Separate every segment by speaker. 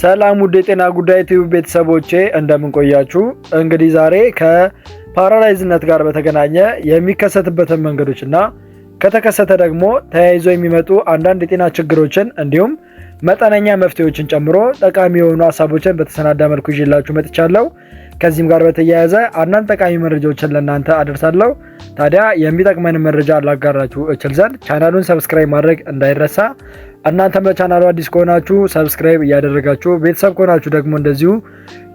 Speaker 1: ሰላም ውድ የጤና ጉዳይ ቲዩብ ቤተሰቦቼ እንደምንቆያችሁ። እንግዲህ ዛሬ ከፓራላይዝነት ጋር በተገናኘ የሚከሰትበትን መንገዶችና ከተከሰተ ደግሞ ተያይዞ የሚመጡ አንዳንድ የጤና ችግሮችን እንዲሁም መጠነኛ መፍትሄዎችን ጨምሮ ጠቃሚ የሆኑ ሀሳቦችን በተሰናዳ መልኩ ይዤላችሁ መጥቻለሁ። ከዚህም ጋር በተያያዘ አንዳንድ ጠቃሚ መረጃዎችን ለእናንተ አደርሳለሁ። ታዲያ የሚጠቅመን መረጃ ላጋራችሁ እችል ዘንድ ቻናሉን ሰብስክራይብ ማድረግ እንዳይረሳ። እናንተም ለቻናሉ አዲስ ከሆናችሁ ሰብስክራይብ እያደረጋችሁ ቤተሰብ ከሆናችሁ ደግሞ እንደዚሁ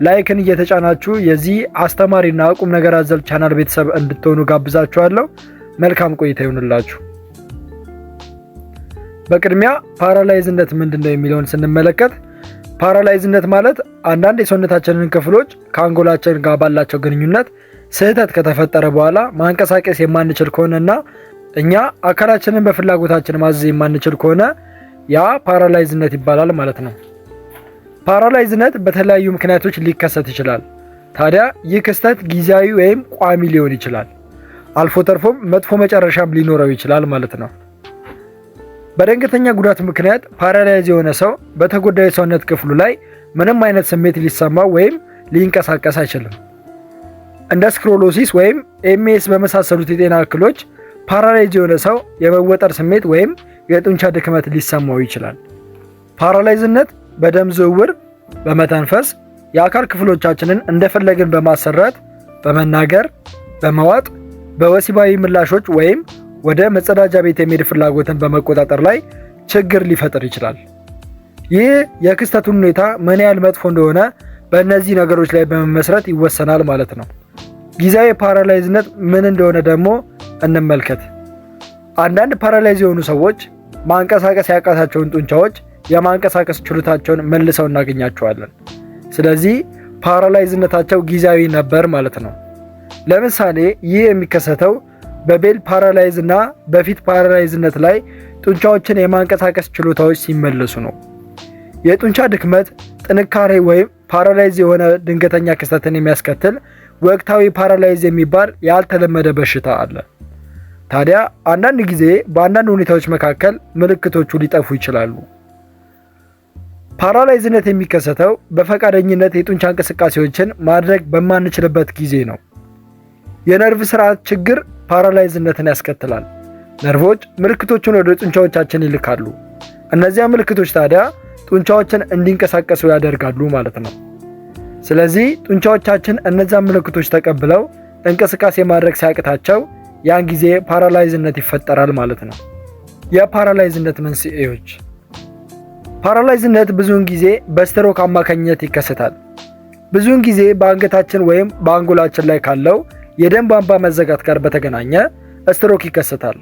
Speaker 1: ላይክን እየተጫናችሁ የዚህ አስተማሪና ቁም ነገር አዘል ቻናል ቤተሰብ እንድትሆኑ ጋብዛችኋለሁ። መልካም ቆይታ ይሆንላችሁ። በቅድሚያ ፓራላይዝነት ምንድን ነው የሚለውን ስንመለከት ፓራላይዝነት ማለት አንዳንድ የሰውነታችንን ክፍሎች ከአንጎላችን ጋር ባላቸው ግንኙነት ስህተት ከተፈጠረ በኋላ ማንቀሳቀስ የማንችል ከሆነና እኛ አካላችንን በፍላጎታችን ማዘዝ የማንችል ከሆነ ያ ፓራላይዝነት ይባላል ማለት ነው። ፓራላይዝነት በተለያዩ ምክንያቶች ሊከሰት ይችላል። ታዲያ ይህ ክስተት ጊዜያዊ ወይም ቋሚ ሊሆን ይችላል። አልፎ ተርፎም መጥፎ መጨረሻም ሊኖረው ይችላል ማለት ነው። በድንገተኛ ጉዳት ምክንያት ፓራላይዝ የሆነ ሰው በተጎዳ ሰውነት ክፍሉ ላይ ምንም አይነት ስሜት ሊሰማው ወይም ሊንቀሳቀስ አይችልም። እንደ ስክሮሎሲስ ወይም ኤምኤስ በመሳሰሉት የጤና እክሎች ፓራላይዝ የሆነ ሰው የመወጠር ስሜት ወይም የጡንቻ ድክመት ሊሰማው ይችላል። ፓራላይዝነት በደም ዝውውር፣ በመተንፈስ የአካል ክፍሎቻችንን እንደፈለግን በማሰራት፣ በመናገር፣ በመዋጥ፣ በወሲባዊ ምላሾች ወይም ወደ መጸዳጃ ቤት የመሄድ ፍላጎትን በመቆጣጠር ላይ ችግር ሊፈጥር ይችላል። ይህ የክስተቱን ሁኔታ ምን ያህል መጥፎ እንደሆነ በእነዚህ ነገሮች ላይ በመመስረት ይወሰናል ማለት ነው። ጊዜያዊ ፓራላይዝነት ምን እንደሆነ ደግሞ እንመልከት። አንዳንድ ፓራላይዝ የሆኑ ሰዎች ማንቀሳቀስ ያቃታቸውን ጡንቻዎች የማንቀሳቀስ ችሎታቸውን መልሰው እናገኛቸዋለን። ስለዚህ ፓራላይዝነታቸው ጊዜያዊ ነበር ማለት ነው። ለምሳሌ ይህ የሚከሰተው በቤል ፓራላይዝ እና በፊት ፓራላይዝነት ላይ ጡንቻዎችን የማንቀሳቀስ ችሎታዎች ሲመለሱ ነው። የጡንቻ ድክመት ጥንካሬ ወይም ፓራላይዝ የሆነ ድንገተኛ ክስተትን የሚያስከትል ወቅታዊ ፓራላይዝ የሚባል ያልተለመደ በሽታ አለ። ታዲያ አንዳንድ ጊዜ በአንዳንድ ሁኔታዎች መካከል ምልክቶቹ ሊጠፉ ይችላሉ። ፓራላይዝነት የሚከሰተው በፈቃደኝነት የጡንቻ እንቅስቃሴዎችን ማድረግ በማንችልበት ጊዜ ነው። የነርቭ ስርዓት ችግር ፓራላይዝነትን ያስከትላል። ነርቮች ምልክቶችን ወደ ጡንቻዎቻችን ይልካሉ። እነዚያ ምልክቶች ታዲያ ጡንቻዎችን እንዲንቀሳቀሱ ያደርጋሉ ማለት ነው። ስለዚህ ጡንቻዎቻችን እነዚያ ምልክቶች ተቀብለው እንቅስቃሴ ማድረግ ሲያቅታቸው ያን ጊዜ ፓራላይዝነት ይፈጠራል ማለት ነው። የፓራላይዝነት መንስኤዎች፣ ፓራላይዝነት ብዙውን ጊዜ በስትሮክ አማካኝነት ይከሰታል። ብዙውን ጊዜ በአንገታችን ወይም በአንጎላችን ላይ ካለው የደም ቧንቧ መዘጋት ጋር በተገናኘ ስትሮክ ይከሰታል።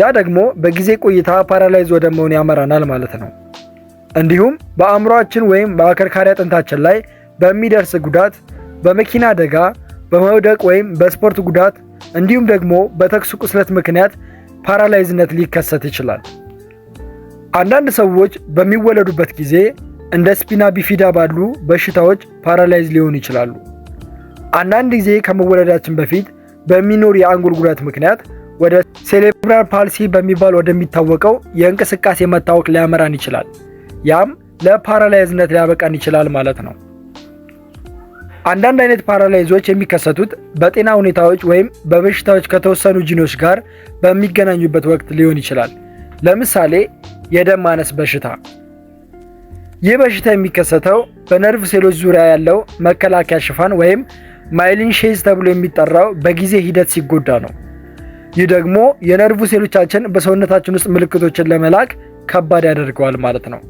Speaker 1: ያ ደግሞ በጊዜ ቆይታ ፓራላይዝ ወደ መሆን ያመራናል ማለት ነው። እንዲሁም በአእምሯችን ወይም በአከርካሪ አጥንታችን ላይ በሚደርስ ጉዳት፣ በመኪና አደጋ፣ በመውደቅ ወይም በስፖርት ጉዳት እንዲሁም ደግሞ በተኩስ ቁስለት ምክንያት ፓራላይዝነት ሊከሰት ይችላል። አንዳንድ ሰዎች በሚወለዱበት ጊዜ እንደ ስፒና ቢፊዳ ባሉ በሽታዎች ፓራላይዝ ሊሆኑ ይችላሉ። አንዳንድ ጊዜ ከመወለዳችን በፊት በሚኖር የአንጎል ጉዳት ምክንያት ወደ ሴሌብራል ፓልሲ በሚባል ወደሚታወቀው የእንቅስቃሴ መታወክ ሊያመራን ይችላል። ያም ለፓራላይዝነት ሊያበቃን ይችላል ማለት ነው። አንዳንድ አይነት ፓራላይዞች የሚከሰቱት በጤና ሁኔታዎች ወይም በበሽታዎች ከተወሰኑ ጂኖች ጋር በሚገናኙበት ወቅት ሊሆን ይችላል። ለምሳሌ የደም ማነስ በሽታ። ይህ በሽታ የሚከሰተው በነርቭ ሴሎች ዙሪያ ያለው መከላከያ ሽፋን ወይም ማይሊን ሼዝ ተብሎ የሚጠራው በጊዜ ሂደት ሲጎዳ ነው። ይህ ደግሞ የነርቭ ሴሎቻችን በሰውነታችን ውስጥ ምልክቶችን ለመላክ ከባድ ያደርገዋል ማለት ነው።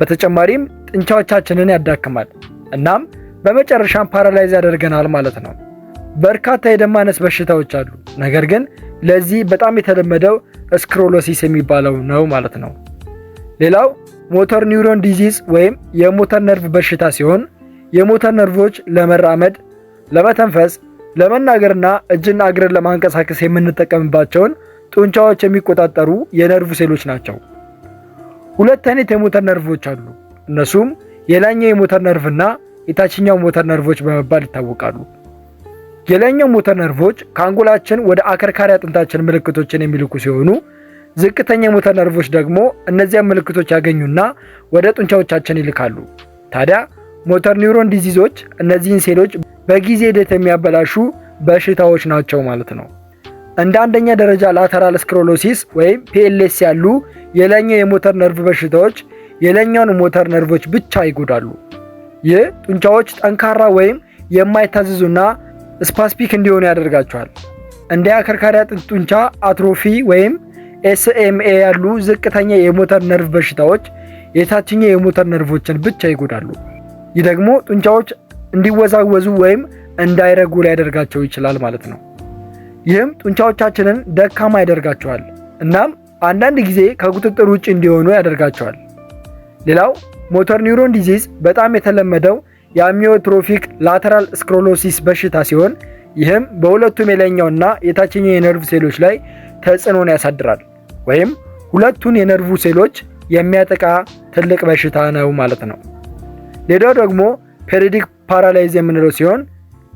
Speaker 1: በተጨማሪም ጥንቻዎቻችንን ያዳክማል እናም በመጨረሻም ፓራላይዝ ያደርገናል ማለት ነው። በርካታ የደም ማነስ በሽታዎች አሉ፣ ነገር ግን ለዚህ በጣም የተለመደው ስክሮሎሲስ የሚባለው ነው ማለት ነው። ሌላው ሞተር ኒውሮን ዲዚዝ ወይም የሞተር ነርቭ በሽታ ሲሆን የሞተር ነርቮች ለመራመድ ለመተንፈስ፣ ለመናገርና እጅና እግርን ለማንቀሳቀስ የምንጠቀምባቸውን ጡንቻዎች የሚቆጣጠሩ የነርቭ ሴሎች ናቸው። ሁለት አይነት የሞተር ነርቮች አሉ። እነሱም የላይኛው የሞተር ነርቭና የታችኛው ሞተር ነርቮች በመባል ይታወቃሉ። የላይኛው ሞተር ነርቮች ከአንጎላችን ወደ አከርካሪ አጥንታችን ምልክቶችን የሚልኩ ሲሆኑ ዝቅተኛ የሞተር ነርቮች ደግሞ እነዚያን ምልክቶች ያገኙና ወደ ጡንቻዎቻችን ይልካሉ። ታዲያ ሞተር ኒውሮን ዲዚዞች እነዚህን ሴሎች በጊዜ ሂደት የሚያበላሹ በሽታዎች ናቸው ማለት ነው። እንደ አንደኛ ደረጃ ላተራል ስክሮሎሲስ ወይም ፒኤልኤስ ያሉ የላይኛው የሞተር ነርቭ በሽታዎች የላይኛውን ሞተር ነርቮች ብቻ ይጎዳሉ። ይህ ጡንቻዎች ጠንካራ ወይም የማይታዘዙና ስፓስፒክ እንዲሆኑ ያደርጋቸዋል። እንደ አከርካሪ አጥንት ጡንቻ አትሮፊ ወይም ኤስኤምኤ ያሉ ዝቅተኛ የሞተር ነርቭ በሽታዎች የታችኛው የሞተር ነርቮችን ብቻ ይጎዳሉ። ይህ ደግሞ ጡንቻዎች እንዲወዛወዙ ወይም እንዳይረጉ ሊያደርጋቸው ይችላል ማለት ነው። ይህም ጡንቻዎቻችንን ደካማ ያደርጋቸዋል። እናም አንዳንድ ጊዜ ከቁጥጥር ውጭ እንዲሆኑ ያደርጋቸዋል። ሌላው ሞተር ኒውሮን ዲዚዝ በጣም የተለመደው የአሚዮትሮፊክ ላተራል ስክሮሎሲስ በሽታ ሲሆን ይህም በሁለቱም እና የታችኛው የነርቭ ሴሎች ላይ ተጽዕኖን ያሳድራል ወይም ሁለቱን የነርቭ ሴሎች የሚያጠቃ ትልቅ በሽታ ነው ማለት ነው። ሌላው ደግሞ ፔሪዲክ ፓራላይዝ የምንለው ሲሆን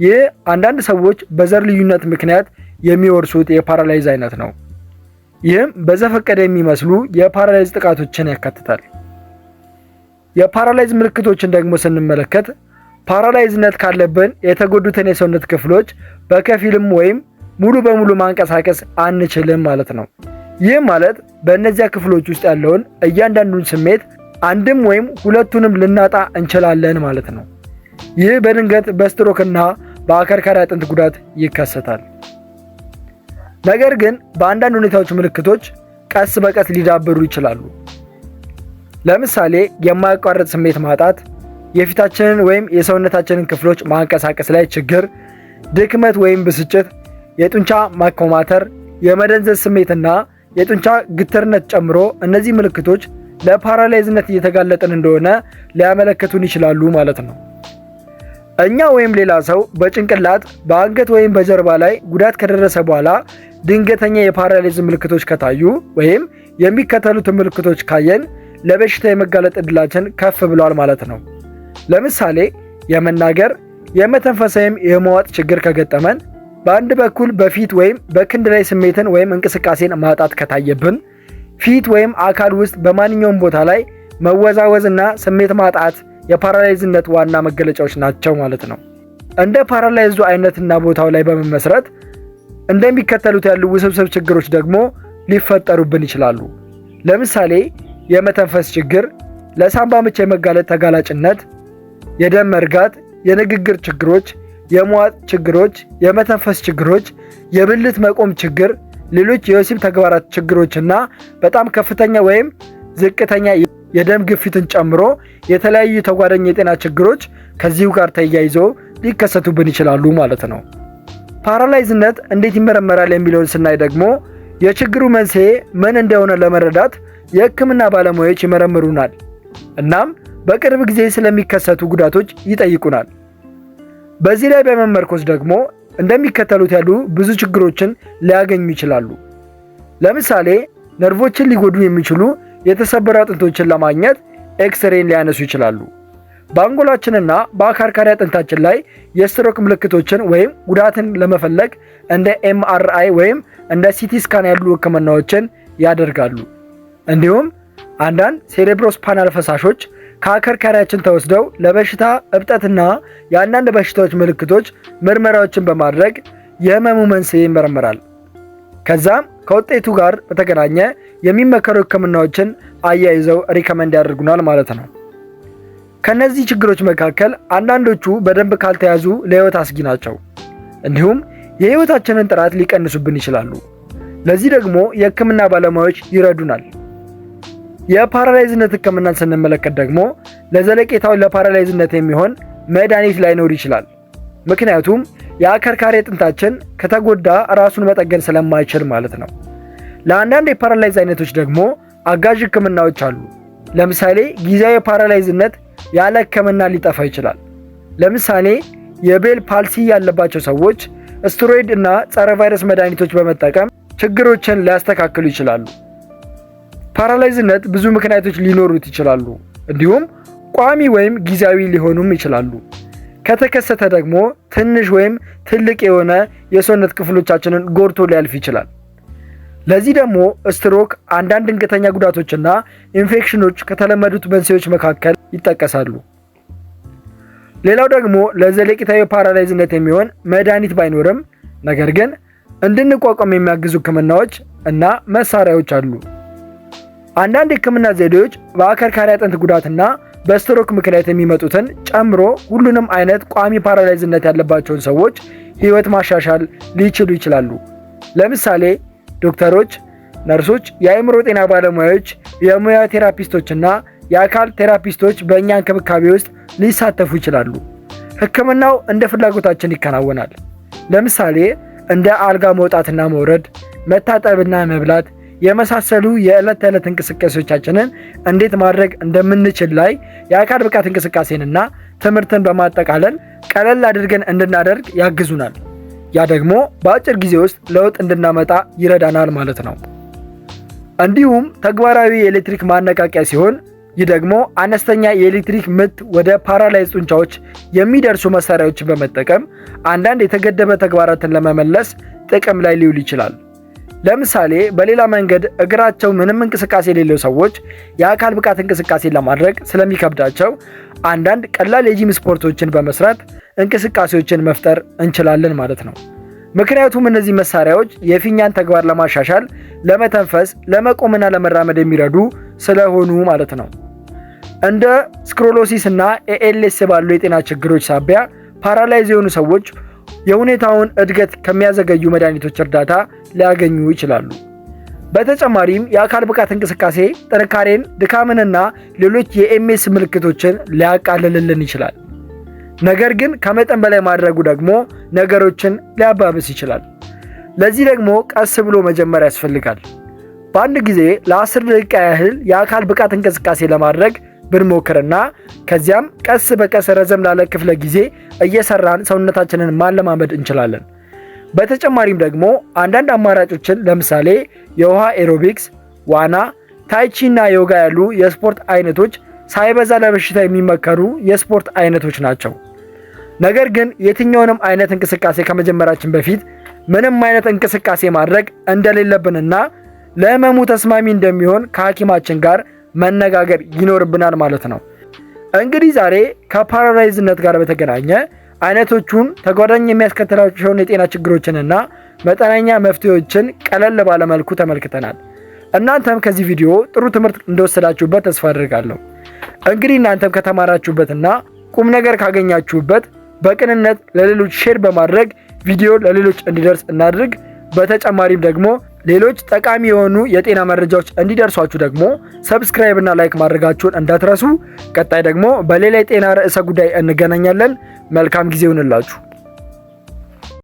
Speaker 1: ይህ አንዳንድ ሰዎች በዘር ልዩነት ምክንያት የሚወርሱት የፓራላይዝ አይነት ነው። ይህም በዘፈቀደ የሚመስሉ የፓራላይዝ ጥቃቶችን ያካትታል። የፓራላይዝ ምልክቶችን ደግሞ ስንመለከት ፓራላይዝነት ካለብን የተጎዱትን የሰውነት ክፍሎች በከፊልም ወይም ሙሉ በሙሉ ማንቀሳቀስ አንችልም ማለት ነው። ይህ ማለት በእነዚያ ክፍሎች ውስጥ ያለውን እያንዳንዱን ስሜት አንድም ወይም ሁለቱንም ልናጣ እንችላለን ማለት ነው። ይህ በድንገት በስትሮክና በአከርካሪ አጥንት ጉዳት ይከሰታል። ነገር ግን በአንዳንድ ሁኔታዎች ምልክቶች ቀስ በቀስ ሊዳብሩ ይችላሉ። ለምሳሌ የማያቋርጥ ስሜት ማጣት፣ የፊታችንን ወይም የሰውነታችንን ክፍሎች ማንቀሳቀስ ላይ ችግር፣ ድክመት ወይም ብስጭት፣ የጡንቻ ማኮማተር፣ የመደንዘዝ ስሜትና የጡንቻ ግትርነት ጨምሮ እነዚህ ምልክቶች ለፓራላይዝነት እየተጋለጥን እንደሆነ ሊያመለክቱን ይችላሉ ማለት ነው። እኛ ወይም ሌላ ሰው በጭንቅላት በአንገት ወይም በጀርባ ላይ ጉዳት ከደረሰ በኋላ ድንገተኛ የፓራሊዝ ምልክቶች ከታዩ ወይም የሚከተሉትን ምልክቶች ካየን ለበሽታ የመጋለጥ እድላችን ከፍ ብሏል ማለት ነው። ለምሳሌ የመናገር፣ የመተንፈስ ወይም የመዋጥ ችግር ከገጠመን፣ በአንድ በኩል በፊት ወይም በክንድ ላይ ስሜትን ወይም እንቅስቃሴን ማጣት ከታየብን፣ ፊት ወይም አካል ውስጥ በማንኛውም ቦታ ላይ መወዛወዝና ስሜት ማጣት የፓራላይዝነት ዋና መገለጫዎች ናቸው ማለት ነው። እንደ ፓራላይዙ አይነትና ቦታው ላይ በመመስረት እንደሚከተሉት ያሉ ውስብስብ ችግሮች ደግሞ ሊፈጠሩብን ይችላሉ። ለምሳሌ የመተንፈስ ችግር፣ ለሳምባ ምች የመጋለጥ ተጋላጭነት፣ የደም መርጋት፣ የንግግር ችግሮች፣ የመዋጥ ችግሮች፣ የመተንፈስ ችግሮች፣ የብልት መቆም ችግር፣ ሌሎች የወሲብ ተግባራት ችግሮችና በጣም ከፍተኛ ወይም ዝቅተኛ የደም ግፊትን ጨምሮ የተለያዩ ተጓዳኝ የጤና ችግሮች ከዚሁ ጋር ተያይዘው ሊከሰቱብን ይችላሉ ማለት ነው። ፓራላይዝነት እንዴት ይመረመራል የሚለውን ስናይ ደግሞ የችግሩ መንስኤ ምን እንደሆነ ለመረዳት የሕክምና ባለሙያዎች ይመረምሩናል። እናም በቅርብ ጊዜ ስለሚከሰቱ ጉዳቶች ይጠይቁናል። በዚህ ላይ በመመርኮዝ ደግሞ እንደሚከተሉት ያሉ ብዙ ችግሮችን ሊያገኙ ይችላሉ። ለምሳሌ ነርቮችን ሊጎዱ የሚችሉ የተሰበሩ አጥንቶችን ለማግኘት ኤክስሬን ሊያነሱ ይችላሉ። በአንጎላችንና በአከርካሪ አጥንታችን ላይ የስትሮክ ምልክቶችን ወይም ጉዳትን ለመፈለግ እንደ ኤምአርአይ ወይም እንደ ሲቲ ስካን ያሉ ህክምናዎችን ያደርጋሉ። እንዲሁም አንዳንድ ፓናል ፈሳሾች ከአከርካሪያችን ተወስደው ለበሽታ እብጠትና የአንዳንድ በሽታዎች ምልክቶች ምርመራዎችን በማድረግ የህመሙ መንስኤ ይመረመራል። ከዛም ከውጤቱ ጋር በተገናኘ የሚመከሩ ህክምናዎችን አያይዘው ሪከመንድ ያደርጉናል ማለት ነው። ከእነዚህ ችግሮች መካከል አንዳንዶቹ በደንብ ካልተያዙ ለሕይወት አስጊ ናቸው። እንዲሁም የሕይወታችንን ጥራት ሊቀንሱብን ይችላሉ። ለዚህ ደግሞ የህክምና ባለሙያዎች ይረዱናል። የፓራላይዝነት ህክምናን ስንመለከት ደግሞ ለዘለቄታው ለፓራላይዝነት የሚሆን መድኃኒት ላይኖር ይችላል። ምክንያቱም የአከርካሪ አጥንታችን ከተጎዳ ራሱን መጠገን ስለማይችል ማለት ነው። ለአንዳንድ የፓራላይዝ አይነቶች ደግሞ አጋዥ ህክምናዎች አሉ። ለምሳሌ ጊዜያዊ ፓራላይዝነት ያለ ህክምና ሊጠፋ ይችላል። ለምሳሌ የቤል ፓልሲ ያለባቸው ሰዎች ስትሮይድ እና ጸረ ቫይረስ መድኃኒቶች በመጠቀም ችግሮችን ሊያስተካክሉ ይችላሉ። ፓራላይዝነት ብዙ ምክንያቶች ሊኖሩት ይችላሉ። እንዲሁም ቋሚ ወይም ጊዜያዊ ሊሆኑም ይችላሉ። ከተከሰተ ደግሞ ትንሽ ወይም ትልቅ የሆነ የሰውነት ክፍሎቻችንን ጎድቶ ሊያልፍ ይችላል። ለዚህ ደግሞ ስትሮክ፣ አንዳንድ ድንገተኛ ጉዳቶችና ኢንፌክሽኖች ከተለመዱት መንስኤዎች መካከል ይጠቀሳሉ። ሌላው ደግሞ ለዘለቂታዊ ፓራላይዝነት የሚሆን መድኃኒት ባይኖርም ነገር ግን እንድንቋቋም የሚያግዙ ህክምናዎች እና መሳሪያዎች አሉ። አንዳንድ የሕክምና ዘዴዎች በአከርካሪ አጥንት ጉዳትና በስትሮክ ምክንያት የሚመጡትን ጨምሮ ሁሉንም አይነት ቋሚ ፓራላይዝነት ያለባቸውን ሰዎች ህይወት ማሻሻል ሊችሉ ይችላሉ። ለምሳሌ ዶክተሮች፣ ነርሶች፣ የአእምሮ ጤና ባለሙያዎች፣ የሙያ ቴራፒስቶች ና የአካል ቴራፒስቶች በእኛ እንክብካቤ ውስጥ ሊሳተፉ ይችላሉ። ህክምናው እንደ ፍላጎታችን ይከናወናል። ለምሳሌ እንደ አልጋ መውጣትና መውረድ፣ መታጠብና መብላት የመሳሰሉ የዕለት ተዕለት እንቅስቃሴዎቻችንን እንዴት ማድረግ እንደምንችል ላይ የአካል ብቃት እንቅስቃሴንና ትምህርትን በማጠቃለል ቀለል አድርገን እንድናደርግ ያግዙናል። ያ ደግሞ በአጭር ጊዜ ውስጥ ለውጥ እንድናመጣ ይረዳናል ማለት ነው። እንዲሁም ተግባራዊ የኤሌክትሪክ ማነቃቂያ ሲሆን ይህ ደግሞ አነስተኛ የኤሌክትሪክ ምት ወደ ፓራላይዝ ጡንቻዎች የሚደርሱ መሳሪያዎችን በመጠቀም አንዳንድ የተገደበ ተግባራትን ለመመለስ ጥቅም ላይ ሊውል ይችላል። ለምሳሌ በሌላ መንገድ እግራቸው ምንም እንቅስቃሴ የሌለው ሰዎች የአካል ብቃት እንቅስቃሴ ለማድረግ ስለሚከብዳቸው አንዳንድ ቀላል የጂም ስፖርቶችን በመስራት እንቅስቃሴዎችን መፍጠር እንችላለን ማለት ነው። ምክንያቱም እነዚህ መሳሪያዎች የፊኛን ተግባር ለማሻሻል፣ ለመተንፈስ፣ ለመቆምና ለመራመድ የሚረዱ ስለሆኑ ማለት ነው። እንደ ስክሮሎሲስ እና ኤኤልኤስ ባሉ የጤና ችግሮች ሳቢያ ፓራላይዝ የሆኑ ሰዎች የሁኔታውን እድገት ከሚያዘገዩ መድኃኒቶች እርዳታ ሊያገኙ ይችላሉ። በተጨማሪም የአካል ብቃት እንቅስቃሴ ጥንካሬን፣ ድካምንና ሌሎች የኤምኤስ ምልክቶችን ሊያቃልልልን ይችላል። ነገር ግን ከመጠን በላይ ማድረጉ ደግሞ ነገሮችን ሊያባብስ ይችላል። ለዚህ ደግሞ ቀስ ብሎ መጀመር ያስፈልጋል። በአንድ ጊዜ ለአስር ደቂቃ ያህል የአካል ብቃት እንቅስቃሴ ለማድረግ ብንሞክርና ከዚያም ቀስ በቀስ ረዘም ላለ ክፍለ ጊዜ እየሰራን ሰውነታችንን ማለማመድ እንችላለን። በተጨማሪም ደግሞ አንዳንድ አማራጮችን ለምሳሌ የውሃ ኤሮቢክስ፣ ዋና፣ ታይቺና ዮጋ ያሉ የስፖርት አይነቶች ሳይበዛ ለበሽታ የሚመከሩ የስፖርት አይነቶች ናቸው። ነገር ግን የትኛውንም አይነት እንቅስቃሴ ከመጀመራችን በፊት ምንም አይነት እንቅስቃሴ ማድረግ እንደሌለብንና ለህመሙ ተስማሚ እንደሚሆን ከሐኪማችን ጋር መነጋገር ይኖርብናል ማለት ነው። እንግዲህ ዛሬ ከፓራላይዝነት ጋር በተገናኘ አይነቶቹን ተጓዳኝ የሚያስከትላቸውን የጤና ችግሮችንና መጠነኛ መፍትሄዎችን ቀለል ባለመልኩ ተመልክተናል። እናንተም ከዚህ ቪዲዮ ጥሩ ትምህርት እንደወሰዳችሁበት ተስፋ አድርጋለሁ። እንግዲህ እናንተም ከተማራችሁበትና ቁም ነገር ካገኛችሁበት በቅንነት ለሌሎች ሼር በማድረግ ቪዲዮ ለሌሎች እንዲደርስ እናድርግ። በተጨማሪም ደግሞ ሌሎች ጠቃሚ የሆኑ የጤና መረጃዎች እንዲደርሷችሁ ደግሞ ሰብስክራይብ እና ላይክ ማድረጋችሁን እንዳትረሱ። ቀጣይ ደግሞ በሌላ የጤና ርዕሰ ጉዳይ እንገናኛለን። መልካም ጊዜ ይሁንላችሁ።